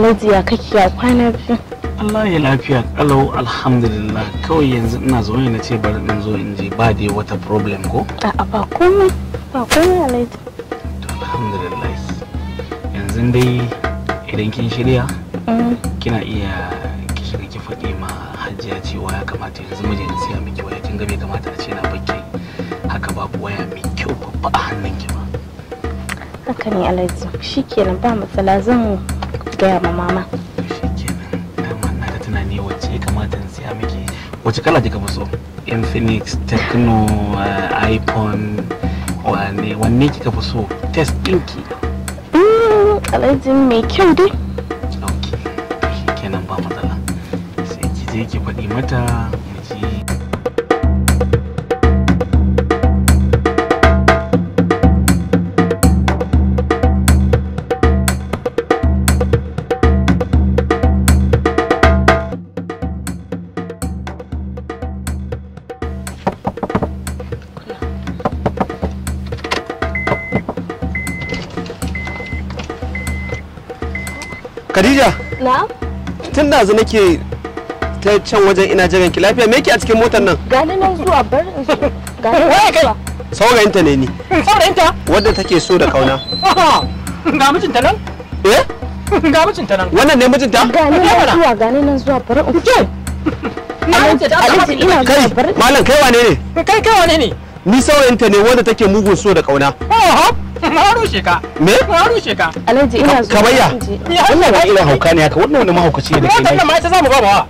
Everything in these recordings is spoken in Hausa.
alhaji ya kake ya kwana biyu Allah ya lafiya kalau alhamdulillah kawai yanzu ina zaune na ce bari in zo in je ba dai wata problem ko a'a ba komai ba komai alhaji to alhamdulillah yanzu dai idan kin shirya mm. kina iya ki shirya ki faɗi ma hajiya cewa ya kamata yanzu mijin siya miki waya kin ga kamata a ce na bakke haka babu waya mai kyau babba a hannun ki ba haka ne alhaji shikenan ba matsala zan ki gaya ma mama tunani wacce ya kamata siya miki wacce kala kika so infinix techno iphone wane wanne kika fi so test ɗinki alhaji mai kyau dai ok kenan ba matsala sai ki je ki faɗi mata Khadija? Na'am. Tun da zu nake ta can wajen ina jiran ki lafiya me yake a cikin motar nan? Gani nan zuwa bar in zo. Gani nan zuwa. ne ni. Saurayinta? Wanda take so da kauna. Ga mijin ta nan? Eh? Ga mijin ta nan. Wannan ne mijin ta? Gani nan zuwa gani nan zuwa bar in zo. Malam kai wane ne? Kai kai wane ne? Ni ta ne wanda take mugun so da kauna. Oh, na rushe ka me na rushe ka alhaji ina so kabayya wannan wani irin hauka ne haka wannan wani mahaukaci ne da kai wannan ma ita zamu babawa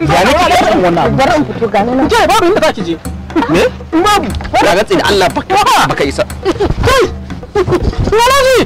ya ne kike son wannan abu garan fito ga nan je babu inda zaki je me babu ga gatsi da Allah baka isa kai alhaji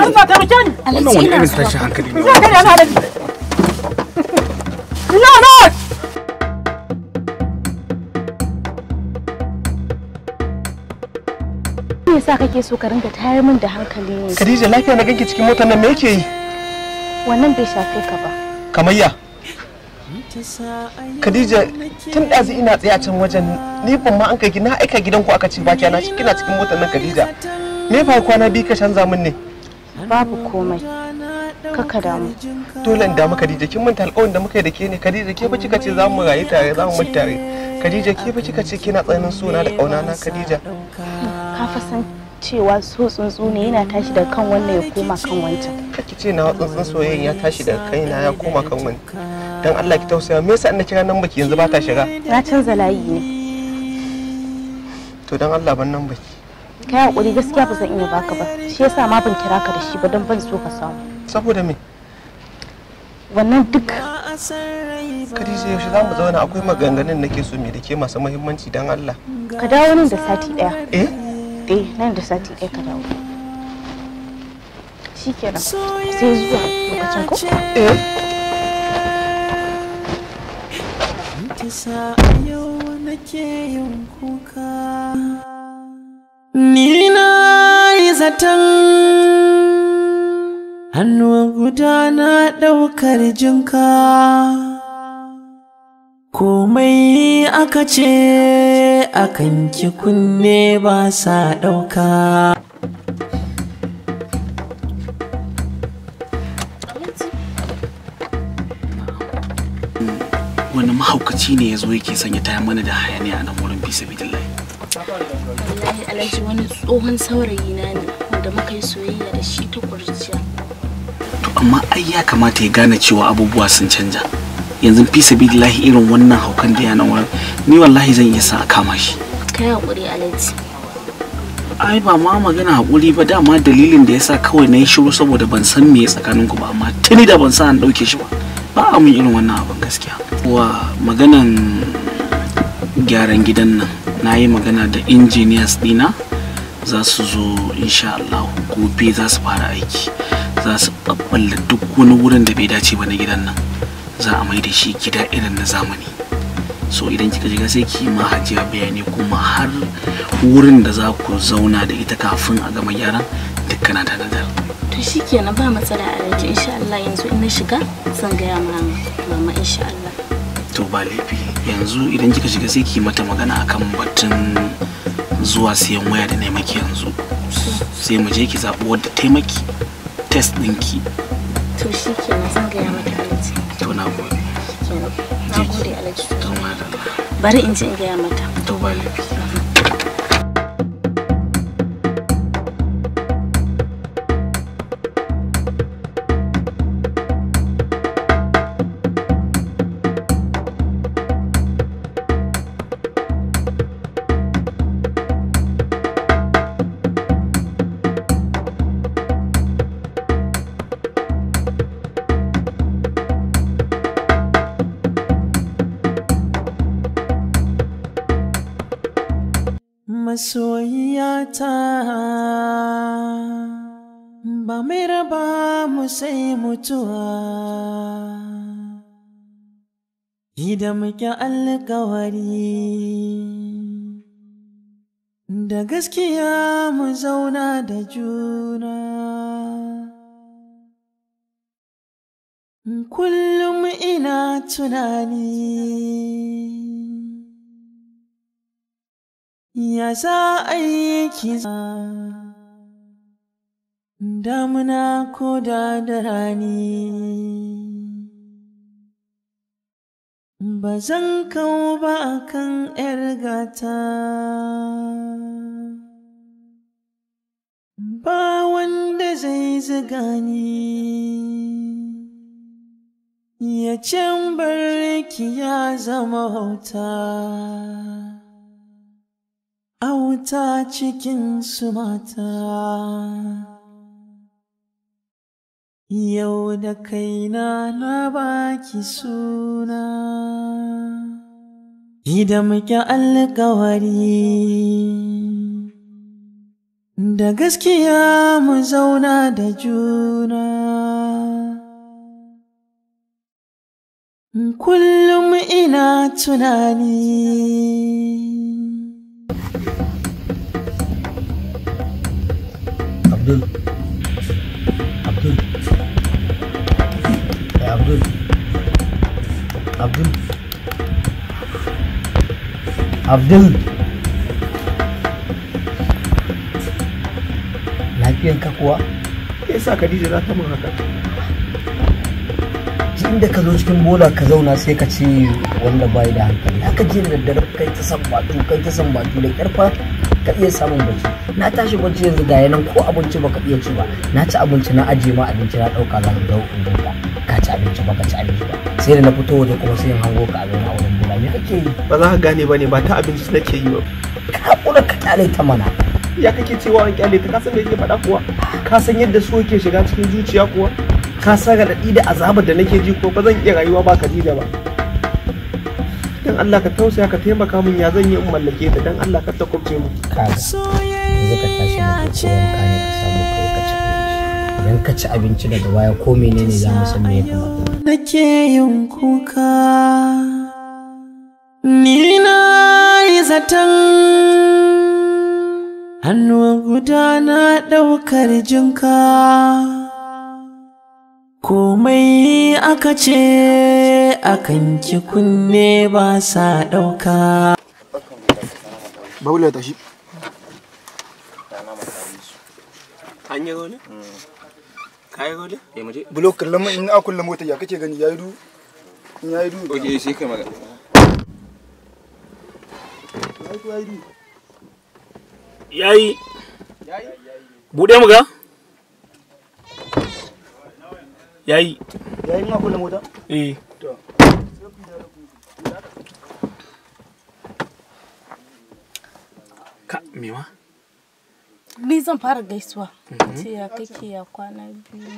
Allah ta mutan alhaji wannan wani irin tashin hankali ne yasa kake so ka ringa tayar min da hankali ne Khadija lafiya na ganki cikin motar nan me yake yi wannan bai shafe ka ba kamayya Khadija tun ɗazu ina tsaye a can wajen ni ban ma an kai gina aika gidan ku aka ce ba kyana shi kina cikin motar nan Khadija me fa kwana biyu ka canza min ne babu komai kaka damu dole in damu Khadija kin manta alƙawarin da muka yi da ke ne Khadija ke fa kika ce za mu rayu tare za mu mutare tare Khadija ke fa kika ce kina tsananin suna da ƙauna na Khadija ka fa san cewa so tsuntsu ne yana tashi da kan wannan ya koma kan wancan kake ce na tsuntsun soyayya ya tashi da kaina ya koma kan wani dan Allah ki tausaya me yasa ina kira nan baki yanzu ba ta shiga na canza layi ne to dan Allah ban nan baki kai hakuri gaskiya ba zan iya baka ba shi yasa ma ban kira ka da shi ba dan ban so ka samu saboda me wannan duk Khadija yaushe za mu zauna akwai maganganun nake so me da ke masu muhimmanci dan Allah ka dawo nan da sati daya eh ɗaya nan da sati ɗaya ka dawo shi kenan sai zuwa lokacin ko Tisa a yau nake yin kuka Ni zaton hannu guda na ɗaukar jinka komai aka ce akan ki kunne ba sa ɗauka wani mahaukaci ne ya zo yake sanya taya mana da hayaniya a nan wurin fi sabidillahi wallahi alhaji wani tsohon saurayi na ne wanda muka yi soyayya da shi ta kurciya to amma ai ya kamata ya gane cewa abubuwa sun canja yanzu fi sabilillahi irin wannan haukan da yana wani ni wallahi zan iya sa a kama shi kai hakuri alaji ai ba ma magana hakuri ba dama dalilin da yasa kawai na yi shiru saboda ban san me tsakanin ku ba amma tuni da ban san an dauke shi ba ba a mun irin wannan abin gaskiya wa maganan gyaran gidan nan na yi magana da engineers dina za su zo insha Allah gobe za su fara aiki za su ɓaɓɓalla duk wani wurin da bai dace ba na gidan nan za a mai da shi gida irin na zamani so idan kika shiga sai ki ma hajiya bayani kuma har wurin da za ku zauna da ita kafin a gama gyaran dukkan ta nazar to shikenan ba matsala a rage insha Allah yanzu in na shiga zan gaya mama mama insha Allah to ba laifi yanzu idan kika shiga sai ki mata magana akan batun zuwa siyan waya da naimaki yanzu sai mu je ki zabo wadda taimaki test ɗinki to shi ke zan gaya mata alaji to na gode na gode alaji bari in ji in gaya mata to ba laifi mhm. masoyiyata ba mai raba mu sai mutuwa idan muke alkawari da gaskiya mu zauna da juna kullum ina tunani ya za a yi kisa damuna ko da da rani ba zan kawo ba a kan ‘yar gata ba wanda zai ziga ni ya can barki ya zama hauta auta cikin su mata. Yau da kaina na baki suna, idan muke alkawari. Da gaskiya mu zauna da juna, kullum ina tunani. abdul abdul lafiyanka kuwa ya sa khadija za ta mun haka da ka zo cikin bola ka zauna sai ka ce wanda bai da hankali haka je da daddare kai ta sambatu kai ta sambatu da kyarfa ka iya samun bacci na tashi bacci yanzu ga yanan ko abinci baka iya ci ba na ci abinci na ajiye ma abinci na dauka zan dau in ka ci abinci baka ci abinci ba sai da na fito waje kuma sai hango ka abin a wurin me kake yi ba za ka gane ba ne ba ta abinci nake yi ba ka hakura ka kyale ta mana ya kake cewa an kyale ta ka san me yake faɗa kuwa ka san yadda so yake shiga cikin zuciya kuwa ka san raɗaɗi da azabar da nake ji ko ba zan iya rayuwa ba Khadija ba dan Allah ka tausaya ka taimaka min ya zan yi in mallake ta dan Allah ka ta kubce mu ka yanzu ka tashi ka ne ka samu idan ka ci abinci daga baya ko menene za mu san me ya kamata nake yin kuka ni na yi zaton hannu guda na ɗaukar jinka komai aka ce akan ki kunne ba sa ɗauka Baula shi. An yi Kai gole? Eh muje. Block kullum in a kullum mota ya kake gani yayi du. In yayi du. Okay sai kai magana. Yayi du. Yayi. Yayi. Bude mu ga? Yayi. Yayi in a mota? Eh. To. Ka, me ma? Eh, zan fara gaisuwa mhm. ce ya kake ya kwana biyu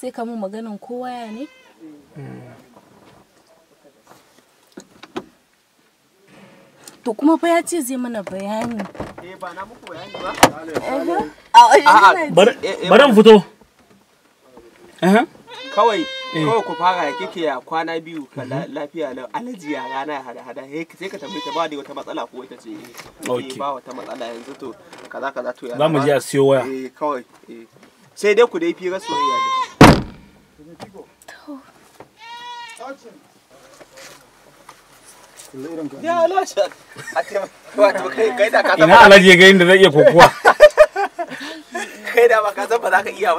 sai ka mun maganin kowa ya ne hmm. to kuma fa ya ce zai mana bayani eh, bari eh, fito kawai kawai ku fara ya kike ya kwana biyu ka mhm. lafiya na alaji ya rana ya hada hada sai ka tambaye ta ba da wata matsala ko ita ce ba wata matsala yanzu to kaza kaza to mu je a siyo waya eh kawai eh. sai dai ku dai fira soyayya da a Ina alaji ga inda zai iya kokowa. Kai da ba ka san ba za ka iya